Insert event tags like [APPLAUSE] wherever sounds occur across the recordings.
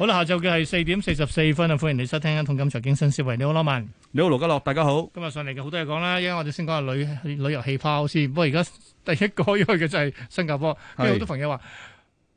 好啦，下晝嘅係四點四十四分啊！歡迎你收聽《同金財經新思維》，你好羅文，你好羅家樂，大家好。今日上嚟嘅好多嘢講啦，因為我哋先講下旅旅遊氣泡先。不過而家第一個要去嘅就係新加坡，因為好多朋友話，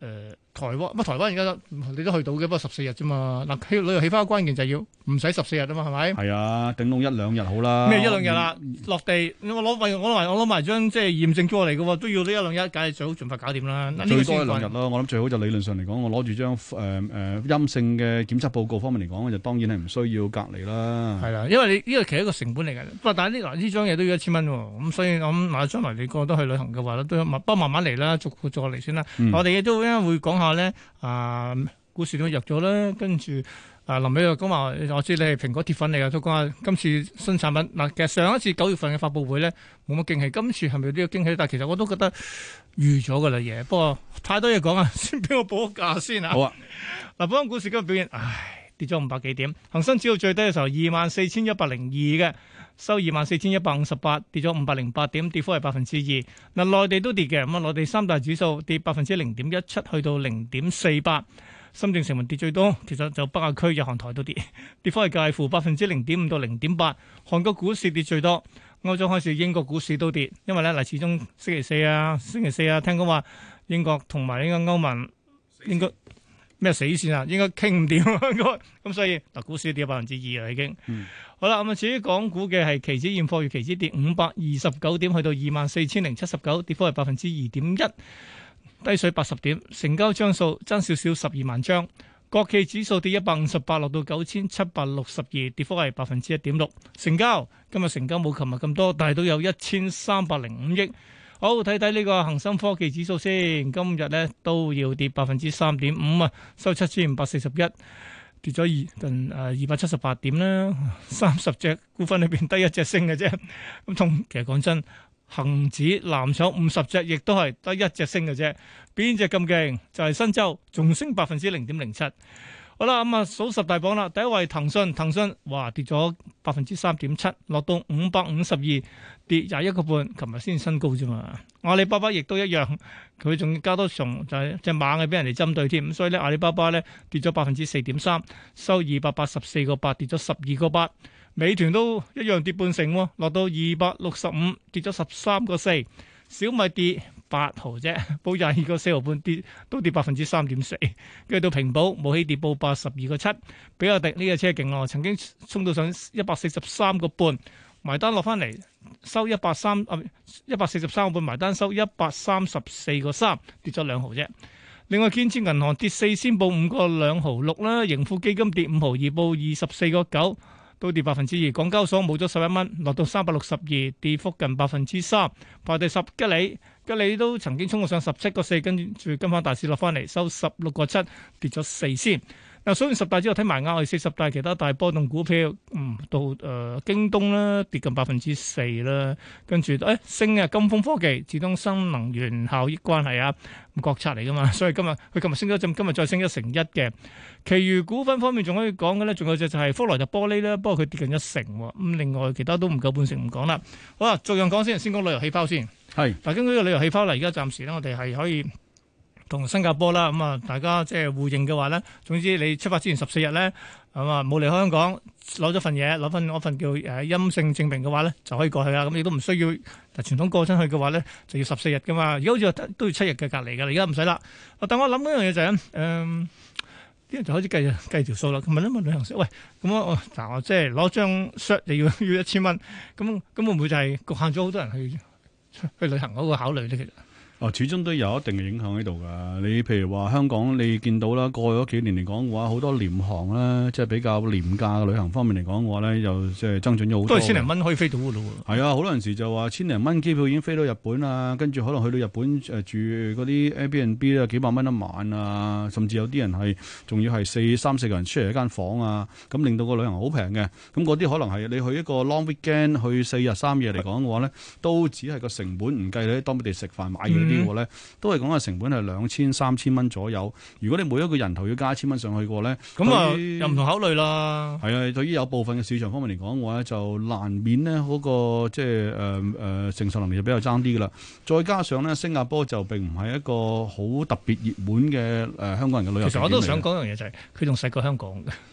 誒。台灣乜？台灣而家你都去到嘅，不過十四日啫嘛。嗱，去旅遊起翻關鍵就係要唔使十四日啊嘛，係咪？係啊，頂籠一兩日好啦。咩一兩日啊？嗯、落地我攞埋，我攞埋，我攞埋張即係驗證過嚟嘅喎，都要呢一兩日，梗係最好盡快搞掂啦。最多一兩日咯，我諗最好就理論上嚟講，我攞住張誒誒陰性嘅檢測報告方面嚟講，就當然係唔需要隔離啦。係啦，因為你呢個其實一個成本嚟嘅，不過但係呢嗱呢張嘢都要一千蚊喎，咁所以咁嗱將嚟你個得去旅行嘅話都慢不過慢慢嚟啦，逐步再嚟先啦。嗯、我哋都咧會講話咧，啊、嗯，股市都弱咗啦，跟住啊，臨、呃、尾又講話，我知你係蘋果鐵粉嚟噶，都講下今次新產品嗱，其實上一次九月份嘅發佈會咧冇乜驚喜，今次係咪都有驚喜？但係其實我都覺得預咗噶啦嘢，不過太多嘢講啊，先俾我報個價先啊。好啊，嗱，講股市今日表現，唉。跌咗五百幾點，恒生指數最低嘅時候二萬四千一百零二嘅，收二萬四千一百五十八，跌咗五百零八點，跌幅係百分之二。嗱，內地都跌嘅，咁啊，內地三大指數跌百分之零點一七，去到零點四八。深圳成分跌最多，其實就北亞區日韓台都跌，跌幅係介乎百分之零點五到零點八。韓國股市跌最多，歐洲開始英國股市都跌，因為咧嗱，始終星期四啊，星期四啊，聽講話英國同埋呢個歐盟應該。四四咩死線啊？應該傾唔掂啊！應該咁，所以嗱，股市跌咗百分之二啦，已經。好啦，咁啊，至於港股嘅係期指現貨月期指跌五百二十九點，去到二萬四千零七十九，跌幅係百分之二點一，低水八十點，成交張數增少少十二萬張。國企指數跌一百五十八，落到九千七百六十二，跌幅係百分之一點六，成交今日成交冇琴日咁多，但係都有一千三百零五億。好，睇睇呢個恒生科技指數先，今日咧都要跌百分之三點五啊，收七千五百四十一，跌咗二近誒，二百七十八點啦。三十隻股份裏邊得一隻升嘅啫，咁同其實講真，恒指藍籌五十隻亦都係得一隻升嘅啫。邊隻咁勁？就係新洲，仲升百分之零點零七。好啦，咁啊數十大榜啦，第一位騰訊，騰訊哇跌咗百分之三點七，落到五百五十二，跌廿一個半，琴日先升高啫嘛。阿里巴巴亦都一樣，佢仲加多蟲就係隻猛嘅俾人哋針對添，咁所以咧阿里巴巴咧跌咗百分之四點三，收二百八十四個八，跌咗十二個八。美團都一樣跌半成，落到二百六十五，跌咗十三個四。小米跌。八毫啫，報十二個四毫半跌，都跌百分之三點四。跟住到平保冇起跌，報八十二個七。比亞迪呢個車勁喎，曾經衝到上一百四十三個半，埋單落翻嚟收一百三啊，一百四十三個半埋單收一百三十四個三，跌咗兩毫啫。另外建設銀行跌四仙報五個兩毫六啦，盈富基金跌五毫二報二十四個九。都跌百分之二，港交所冇咗十一蚊，落到三百六十二，跌幅近百分之三。排第十吉利，吉利都曾經衝過上十七個四，跟住今番大市落翻嚟，收十六個七，跌咗四仙。嗱，所以十大之後睇埋啱，我哋四十大其他大波動股票，嗯，到誒京東啦，跌近百分之四啦，跟住誒升啊金風科技、恆通新能源效益關係啊，咁國策嚟噶嘛，所以今日佢琴日升咗一陣，今日再升一成一嘅。其餘股份方面仲可以講嘅咧，仲有隻就係福萊特玻璃啦，不過佢跌近一成喎。咁另外其他都唔夠半成，唔講啦。好啦，逐樣講先，先講旅遊氣泡先。係，嗱，根據個旅遊氣泡嚟，而家暫時咧，我哋係可以。同新加坡啦，咁啊大家即係互認嘅話咧，總之你出發之前十四日咧，咁啊冇離開香港，攞咗份嘢，攞翻嗰份叫誒陰性證明嘅話咧，就可以過去啦。咁你都唔需要傳統過身去嘅話咧，就要十四日噶嘛。而家好似都要七日嘅隔離噶，而家唔使啦。但我諗嗰樣嘢就係誒，啲人就開始計計條數啦。咁問一問旅行社喂，咁啊嗱，即係攞張 shot 就要要一千蚊。咁咁會唔會就係侷限咗好多人去去旅行嗰個考慮咧？其實？始終都有一定嘅影響喺度㗎。你譬如話香港，你見到啦，過去嗰幾年嚟講嘅話，好多廉航啦，即係比較廉價嘅旅行方面嚟講嘅話咧，又即係增長咗好多。都係千零蚊可以飛到㗎咯。係啊，好多陣時就話千零蚊機票已經飛到日本啊，跟住可能去到日本誒、呃、住嗰啲 Airbnb 咧幾百蚊一晚啊，甚至有啲人係仲要係四三四個人出嚟一間房啊，咁令到個旅行好平嘅。咁嗰啲可能係你去一個 long weekend 去四日三夜嚟講嘅話咧，是都只係個成本唔計你喺當地食飯買嘢、嗯。呢個咧都係講嘅成本係兩千三千蚊左右。如果你每一個人頭要加一千蚊上去個咧，咁啊、嗯、於又唔同考慮啦。係啊，對於有部分嘅市場方面嚟講嘅話，就難免咧、那、嗰個即係誒誒承受能力就比較差啲噶啦。再加上咧新加坡就並唔係一個好特別熱門嘅誒、呃、香港人嘅旅遊。其實我都想講一樣嘢就係佢仲細過香港嘅。 [LAUGHS]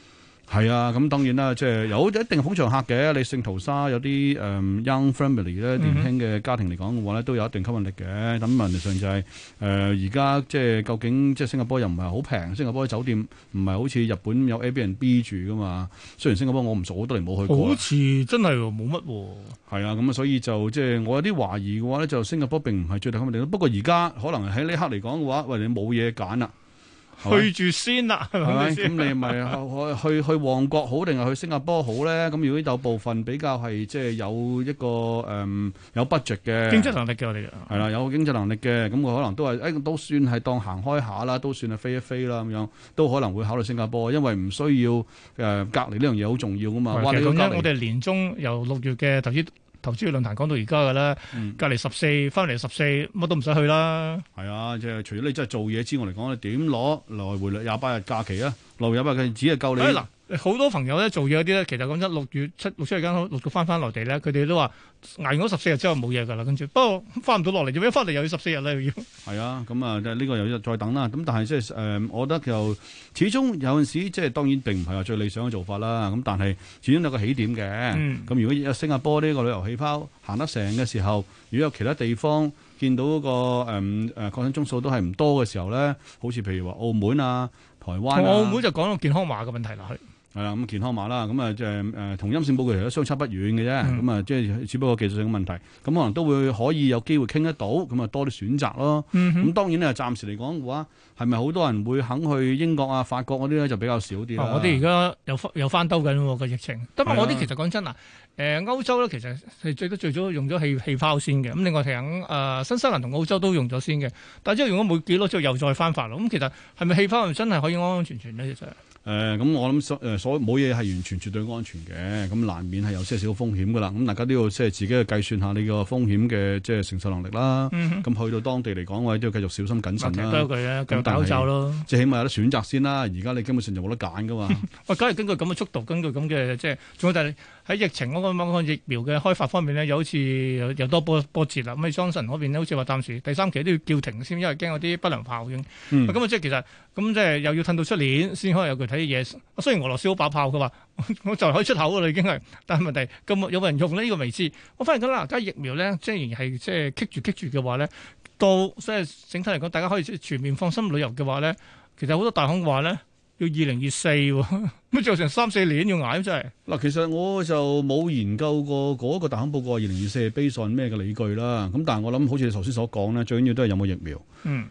係啊，咁當然啦，即係有一定捧場客嘅。你聖淘沙有啲誒、um, young family 咧，年輕嘅家庭嚟講嘅話咧，都有一定吸引力嘅。咁問題上就係、是、誒，而、呃、家即係究竟即係新加坡又唔係好平，新加坡酒店唔係好似日本有 Airbnb 住噶嘛。雖然新加坡我唔熟，好多年冇去過。好似真係冇乜喎。係啊，咁啊，所以就即係、就是、我有啲懷疑嘅話咧，就新加坡並唔係最大吸引力。不過而家可能喺呢刻嚟講嘅話，喂你冇嘢揀啦。去住先啦，係咪？咁你咪去 [LAUGHS] 去，去旺角好定係去新加坡好咧？咁如果有部分比較係即係有一個誒、嗯、有 budget 嘅經濟能力嘅我哋，係啦，有經濟能力嘅，咁佢可能都係誒都算係當行開下啦，都算係飛一飛啦咁樣，都可能會考慮新加坡，因為唔需要誒、呃、隔離呢樣嘢好重要噶嘛。或者我我哋年中由六月嘅投資。投資嘅論壇講到而家㗎啦，嗯、隔離十四，翻嚟十四，乜都唔使去啦。係啊，即、就、係、是、除咗你真係做嘢之外嚟講，你點攞來回率廿八日假期啊？流入啊，佢只係夠你。好多朋友咧，做嘢嗰啲咧，其實咁一六月七六七日間，六個翻翻內地咧，佢哋都話挨完十四日之後冇嘢噶啦，跟住不過翻唔到落嚟，要唔翻嚟又要十四日咧？又要係啊，咁啊，即係呢個又要再等啦。咁但係即係誒，我覺得就始終有陣時即係當然並唔係話最理想嘅做法啦。咁但係始終有個起點嘅。咁、嗯、如果有新加坡呢個旅遊氣泡行得成嘅時候，如果有其他地方見到、個誒誒、呃、確診宗數都係唔多嘅時候咧，好似譬如話澳門啊、台灣、啊、澳門就講到健康碼嘅問題啦。係啦，咁健康碼啦，咁啊即係誒同陰性報告嚟都相差不遠嘅啫，咁啊即係只不過技術性問題，咁可能都會可以有機會傾得到，咁啊多啲選擇咯。咁、嗯、哼當然咧，暫時嚟講嘅話，係咪好多人會肯去英國啊、法國嗰啲咧，就比較少啲、啊、我哋而家有有，有翻兜緊個、啊、疫情，不過我啲其實講真啊，誒、呃、歐洲咧其實係最多最早用咗氣氣泡先嘅，咁另外睇緊、呃、新西蘭同澳洲都用咗先嘅，但係之後用咗冇幾耐，之後又再翻法啦。咁其實係咪氣泡真係可以安安全全呢？其實？誒，咁、呃嗯、我諗所誒，所以冇嘢係完全絕對安全嘅，咁、嗯、難免係有些少風險噶啦。咁大家都要即係自己去計算下你個風險嘅即係承受能力啦。咁、嗯、哼去到當地嚟講，我哋都要繼續小心謹慎啦。佢一句咧，戴口罩咯。即係起碼有得選擇先啦。而家你根本上就冇得揀噶嘛。喂、 [LAUGHS] 欸，梗係根據咁嘅速度，根據咁嘅即係，仲、就是、有第。喺疫情嗰個疫苗嘅開發方面咧，又好似又多波波折啦。咁喺 Johnson 嗰邊咧，好似話暫時第三期都要叫停先，因為驚啲不良效應。咁、嗯、啊，即係其實咁即係又要褪到出年先可以有具體嘅嘢。雖然俄羅斯好爆炮嘅話，我就可以出口啦，已經係。但係問題，咁有冇人用咧？呢、這個未知。我反而覺得而家疫苗咧，即係仍然係即係棘住棘住嘅話咧，到即係整體嚟講，大家可以全面放心旅遊嘅話咧，其實好多大行話咧。要二零二四喎，咁 [LAUGHS] 就成三四年要捱真、啊、係。嗱，其實我就冇研究過嗰個大亨報告二零二四係 base on 咩嘅理據啦。咁但係我諗好似你頭先所講咧，最緊要都係有冇疫苗，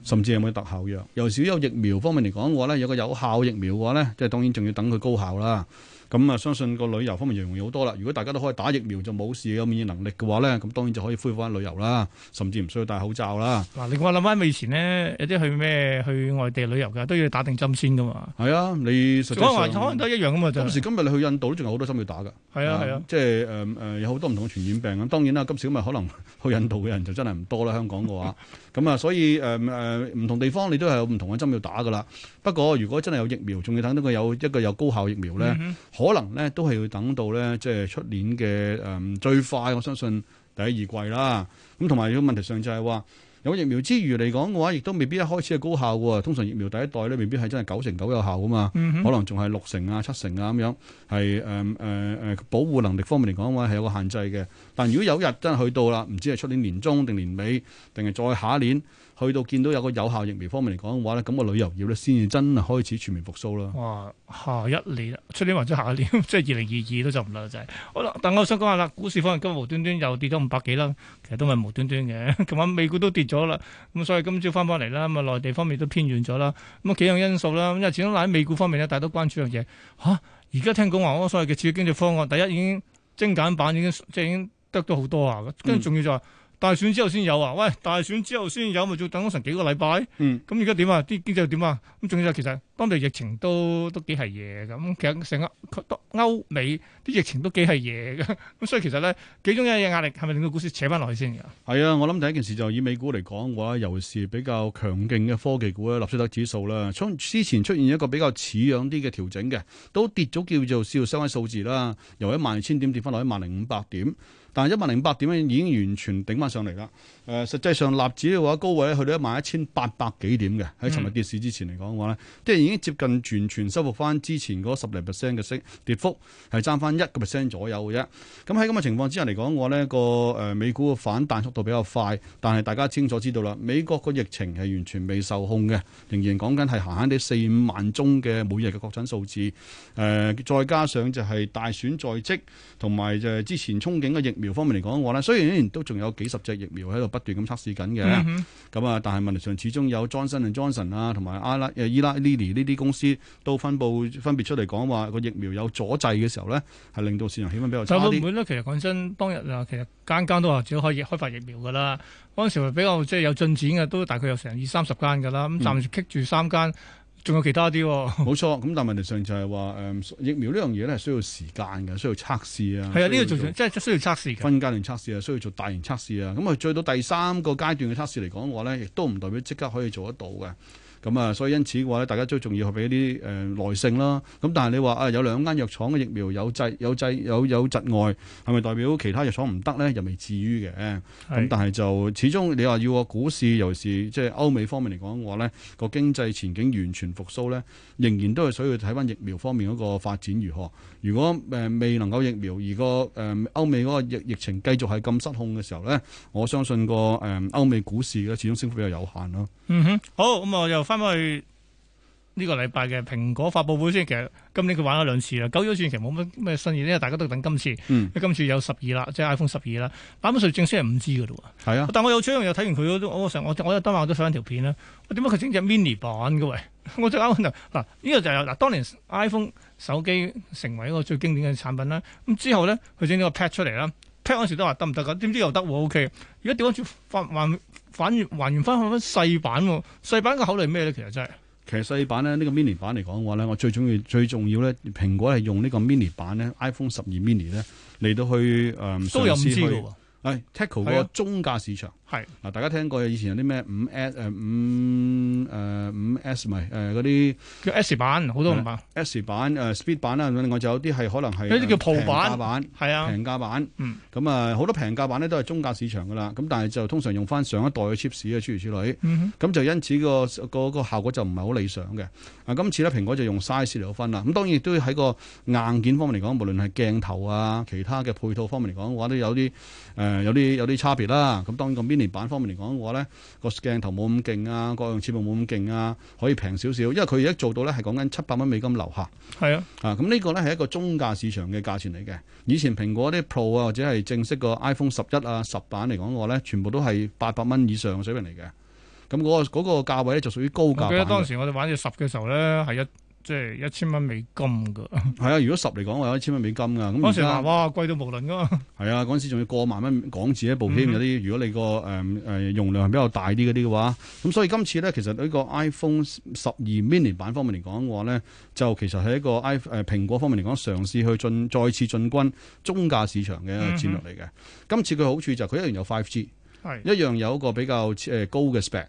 甚至有冇特效藥。由少有疫苗方面嚟講嘅話咧，有個有效疫苗嘅話咧，即係當然仲要等佢高效啦。咁啊、嗯，相信個旅遊方面容易好多啦。如果大家都可以打疫苗就冇事有免疫能力嘅話咧，咁當然就可以恢復翻旅遊啦，甚至唔需要戴口罩啦。嗱、啊，你話諗翻，未前呢，有啲去咩去外地旅遊嘅，都要打定針先噶嘛。係啊，你實在可能都一樣咁啊。就係、今時今日你去印度都仲有好多針要打㗎。係啊係啊，啊嗯、即係誒誒，有好多唔同嘅傳染病咁。當然啦、啊，今時今日可能去印度嘅人就真係唔多啦。 [LAUGHS] 香港嘅話。咁啊、嗯，所以誒誒，唔、呃呃、同地方你都係有唔同嘅針要打㗎喇。不過，如果真係有疫苗，仲要等到佢有一個有高效疫苗咧，嗯、哼可能咧都係要等到咧，即係出年嘅誒、呃、最快，我相信第一第二季啦。咁同埋個問題上就係話。有疫苗之餘嚟講嘅話，亦都未必一開始係高效嘅。通常疫苗第一代咧，未必係真係九成九有效㗎嘛。嗯、哼可能仲係六成啊、七成啊咁樣，係誒誒誒保護能力方面嚟講嘅話係有個限制嘅。但如果有日真係去到啦，唔知係出年年中定年尾，定係再下一年。去到見到有個有效疫苗方面嚟講嘅話咧，咁個旅遊業咧先至真係開始全面復甦啦。哇！下一年啦，出年或者下一年， [LAUGHS] 即係二零二二都就唔落就係。好啦，但我想講下啦，股市方面今日無端端又跌咗五百幾啦，其實都係無端端嘅。琴晚美股都跌咗啦，咁所以今朝翻返嚟啦，咁啊內地方面都偏軟咗啦，咁啊幾樣因素啦。咁因為始終喺美股方面咧，大家都關注一樣嘢嚇。而、啊、家聽講話我所謂嘅刺激經濟方案，第一已經精簡版已經即係已經得咗好多下。跟住仲要就大選之後先有啊？喂，大選之後先有咪仲等咗成幾個禮拜？嗯，咁而家點啊？啲經濟又點啊？咁仲有就其實。當地疫情都都幾係嘢咁，其實成個歐美啲疫情都幾係嘢嘅，咁、嗯、所以其實咧幾種一個壓力係咪令到股市扯翻落去先㗎？係啊，我諗第一件事就以美股嚟講嘅話，尤其是比較強勁嘅科技股咧，納斯達克指數啦，之前出現一個比較似樣啲嘅調整嘅，都跌咗叫做少少雙位數字啦，由一萬二千點跌翻落一萬零五百點，但係一萬零五百點已經完全頂翻上嚟啦。誒、呃，實際上納指嘅話高位去到一萬一千八百幾點嘅，喺尋日跌市之前嚟講嘅話咧，即係。已經接近完全，全收復翻之前嗰十零 percent 嘅升跌幅，係爭翻一個 percent 左右嘅啫。咁喺咁嘅情況之下嚟講，我呢個誒美股嘅反彈速度比較快，但係大家清楚知道啦，美國個疫情係完全未受控嘅，仍然講緊係行行下啲四五萬宗嘅每日嘅確診數字。誒、呃，再加上就係大選在即，同埋就係之前憧憬嘅疫苗方面嚟講，我呢雖然都仲有幾十隻疫苗喺度不斷咁測試緊嘅，咁啊、嗯哼，但係問題上始終有 Johnson 同 Johnson 啊，同埋 Eli 誒 Eli Lilly 呢啲公司都分佈分別出嚟講話個疫苗有阻滯嘅時候咧，係令到市場氣氛比較差啲。其實講真，當日啊，其實間間都話自己可以開發疫苗噶啦。嗰陣時比較即係有進展嘅，都大概有成二三十間噶啦。咁、嗯、暫時棘住三間，仲有其他啲、哦。冇錯，咁但係問題上就係話誒疫苗呢樣嘢咧，係需要時間嘅，需要測試啊。係的啊，呢個做成即係需要測試嘅。分階段測試啊，需要做大型測試啊。咁去追到第三個階段嘅測試嚟講嘅話咧，亦都唔代表即刻可以做得到嘅。咁啊，所以因此嘅話咧，大家都仲要俾啲誒耐性啦。咁但係你話啊，有兩間藥廠嘅疫苗有製有製有有窒礙，係咪代表其他藥廠唔得咧？又未至於嘅。咁是但係就始終你話要個股市，尤其是即係歐美方面嚟講嘅話咧，個經濟前景完全復甦咧，仍然都係需要睇翻疫苗方面嗰個發展如何。如果誒、呃、未能夠疫苗，而個誒歐、呃、美嗰個疫疫情繼續係咁失控嘅時候咧，我相信個誒歐、呃、美股市咧，始終升幅比較有限咯。嗯哼，好咁我又。翻返去呢個禮拜嘅蘋果發布會先，其實今年佢玩咗兩次啦，九月轉期冇乜咩新意，因為大家都等今次，嗯、今次有十二啦，即係 iPhone 十二啦，版本上正式係五 G 嘅咯喎。係啊，但我，是、啊、但我有追，有睇完佢我我我嗰當晚我都睇翻條片啦。我點解佢整隻 mini 版嘅喂？我真啱嗱，呢個就係嗱，當年 iPhone 手機成為一個最經典嘅產品啦。咁之後咧，佢整呢個 pad 出嚟啦，pad 嗰時都話得唔得噶？點知又得喎？OK，而家點解轉還？反而還原翻嗰啲細版，細版嘅考慮咩咧？其實真係，其實細版咧呢、呢個 mini 版嚟講嘅話咧，我最中意，最重要咧，蘋果係用個呢個 mini 版咧 iPhone 十二 mini 咧嚟到去誒嘗試去誒 tackle 個中價市場。係嗱，大家聽過以前有啲咩五 S 誒五誒五 S 咪誒嗰啲叫 S 版好多唔版 S, S 版誒、uh, Speed 版啦，另外就有啲係可能係啲叫平價版，係啊平價版，咁啊好多平價版咧、嗯、都係中價市場噶啦，咁但係就通常用翻上一代嘅 chipset 諸如此類，咁、嗯、哼就因此、個、個、個效果就唔係好理想嘅。啊，今次咧蘋果就用 size 嚟到分啦。咁當然都喺個硬件方面嚟講，無論係鏡頭啊、其他嘅配套方面嚟講，話都有啲誒有啲、呃、有啲差別啦。咁、啊、當然個邊？年版方面嚟講嘅話咧，個鏡頭冇咁勁啊，各樣設備冇咁勁啊，可以平少少，因為佢而家做到咧係講緊七百蚊美金樓下，係啊，啊咁呢個咧係一個中價市場嘅價錢嚟嘅。以前蘋果啲 Pro 啊或者係正式個 iPhone 十一啊十版嚟講嘅話咧，全部都係八百蚊以上嘅水平嚟嘅。咁嗰個嗰個價位咧就屬於高價。記得當時我哋玩嘅十嘅時候咧係一即係一千蚊美金噶，係啊！如果十嚟，講我有一千蚊美金噶。嗰時話在哇，貴到冇倫噶。係 [LAUGHS] 啊，嗰時仲要過萬蚊港紙一部機，有啲如果你個誒誒容量係比較大啲嗰啲嘅話，咁所以今次咧，其實呢個 iPhone 十二 Mini 版方面嚟講嘅話咧，就其實係一個 i 誒蘋果方面嚟講，嘗試去進再次進軍中價市場嘅戰略嚟嘅。嗯嗯嗯，今次佢好處就係佢一樣有 5G，係是一樣有一個比較誒高嘅 spec。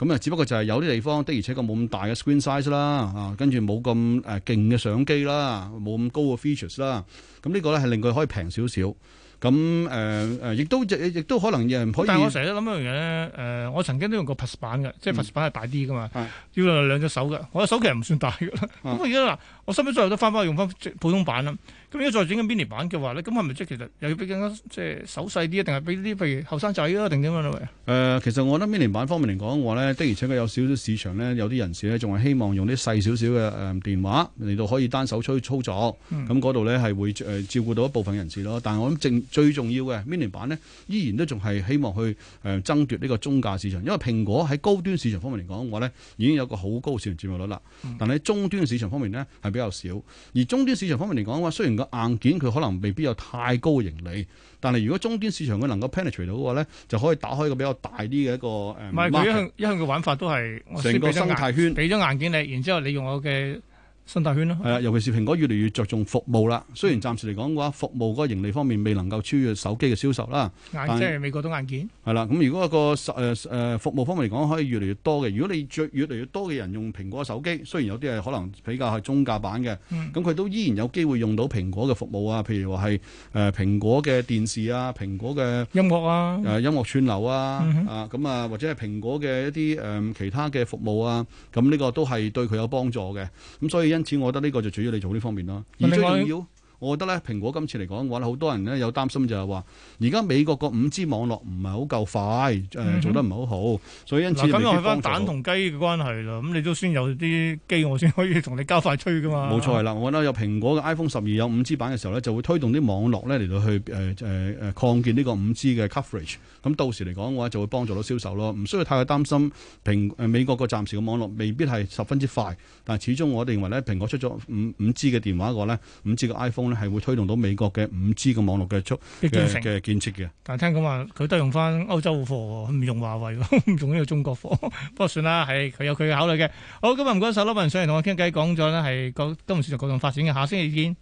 咁啊，只不過就係有啲地方的，而且佢冇咁大嘅 screen size 啦，啊，跟住冇咁誒勁嘅相機啦，冇咁高嘅 features 啦、啊，咁呢個咧係令佢可以平少少，咁誒誒，亦、呃、都亦都可能誒唔可以。但我成日都諗一樣嘢咧，誒、呃，我曾經都用過 Plus 版嘅，即係 Plu、嗯、s 版係大啲噶嘛，要兩隻手嘅，我隻手機其實唔算大嘅啦。咁我而家嗱，我收一收都翻翻去用翻普通版啦。咁如果再整緊 mini 版嘅話咧，咁係咪即係其實又要俾更加即係手細啲啊？定係俾啲譬如後生仔啊？定點樣咯？誒，其實我覺得 mini 版方面嚟講嘅話咧，的而且確有少少市場咧，有啲人士咧仲係希望用啲細少少嘅誒電話嚟到可以單手出去操作。咁嗰度咧係會誒照顧到一部分人士咯。但係我諗正最重要嘅 mini 版咧，依然都仲係希望去誒爭奪呢個中價市場，因為蘋果喺高端市場方面嚟講嘅話咧，已經有個好高嘅市場佔有率啦。但係喺中端市場方面咧係比較少，而中端市場方面嚟講嘅話，雖然硬件佢可能未必有太高嘅盈利，但係如果中端市場佢能夠 penetrate 到嘅話咧，就可以打開一個比較大啲嘅一個誒。唔係佢一向一向嘅玩法都係成個生態圈，俾咗硬，硬件你，然之後你用我嘅。生態圈咯，係啊，尤其是蘋果越嚟越着重服務啦。雖然暫時嚟講嘅話，服務嗰個盈利方面未能夠超越手機嘅銷售啦。硬件即係美國都硬件。係啦，咁如果個誒誒服務方面嚟講，可以越嚟越多嘅。如果你著越嚟越多嘅人用蘋果手機，雖然有啲係可能比較係中價版嘅，咁佢都依然有機會用到蘋果嘅服務啊。譬如話係誒蘋果嘅電視啊，蘋果嘅音樂啊，誒音樂串流啊，啊咁啊或者係蘋果嘅一啲誒其他嘅服務啊，咁呢個都係對佢有幫助嘅。咁所以因因此，我覺得呢個就主要你做呢方面咯，而最重要。我覺得咧，蘋果今次嚟講嘅話好多人咧，有擔心就係話，而家美國個五 G 網絡唔係好夠快，誒、嗯、哼做得唔係好好，所以因此就。嗱，咁我係翻蛋同雞嘅關係啦，咁你都先有啲機，我先可以同你加快推噶嘛。冇錯啦，我覺得有蘋果嘅 iPhone 十二有五 G 版嘅時候咧，就會推動啲網絡咧嚟到去誒誒誒擴建呢個五 G 嘅 coverage。咁到時嚟講嘅話就會幫助到銷售咯，唔需要太過擔心蘋誒美國個暫時嘅網絡未必係十分之快，但係始終我認為咧蘋果出咗五五 G 嘅電話嘅話咧，五 G 嘅 iPhone。係會推動到美國嘅五 G 嘅網絡嘅建嘅建設嘅，但係聽講話佢都用翻歐洲嘅貨，唔用華為咯，仲要係中國貨，不過算啦，係佢有佢嘅考慮嘅。好，今日唔該晒，呢位人上嚟同我傾偈，講咗咧係今今次就共同發展嘅，下星期見。